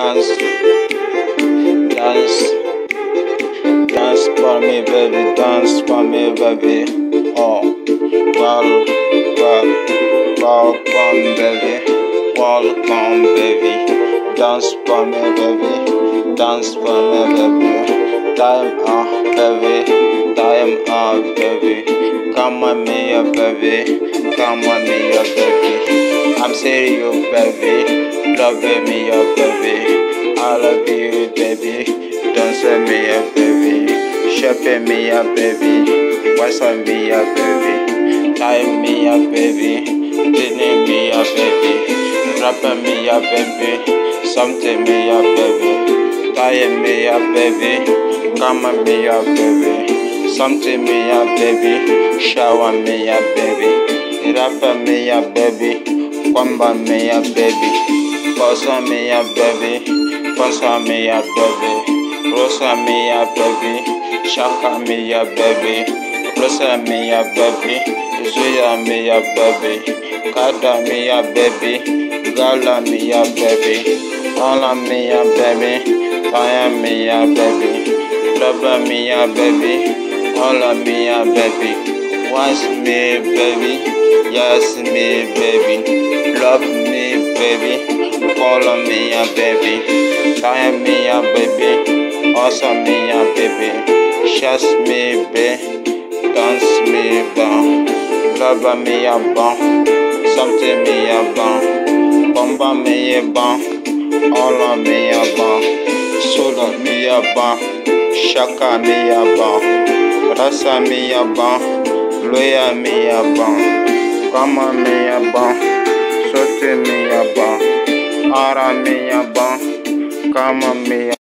dance, dance, dance for me, baby, dance for me, baby. Oh, welcome, welcome, baby, welcome, baby. Dance for me, baby, dance for me, baby. Time up, baby, time up, baby. Come on, me, oh, baby come on me up, baby. I'm serious, baby. Love me up, baby. I love you, baby. Don't set me up, baby. Shopping me up, baby. What's on me up, baby? Tie me up, baby. Cleaning me up, baby. Dropping me up, baby. Something me up, baby. Tie me up, baby. Come on me up, baby. Something me up, baby. Shower me up, baby. Rapper me ya baby, Kwamba me ya baby, Bossa me ya baby, Bossa me ya baby, Rosa me ya baby, Shaka me ya baby, Rosa me ya baby, Zuya me ya baby, Kada me ya baby, Gala me ya baby, Ala me ya baby, Fire me ya baby, Rubber me ya baby, all me, me, baby. Watch me, baby. Yes, me baby. Love me, baby. Follow me, a baby. Tire me, a baby. Awesome me, a baby. Chase me, baby. Dance me, ba, Love me, ya bae Something me, a bae Bomba me, a bae All of me, a bae Solo me, a bae Shaka me, ya bae Rasa me, a bae Loya me, a bae Kama me ya ban, sote me ya ba, ara me ya ba, kama me ya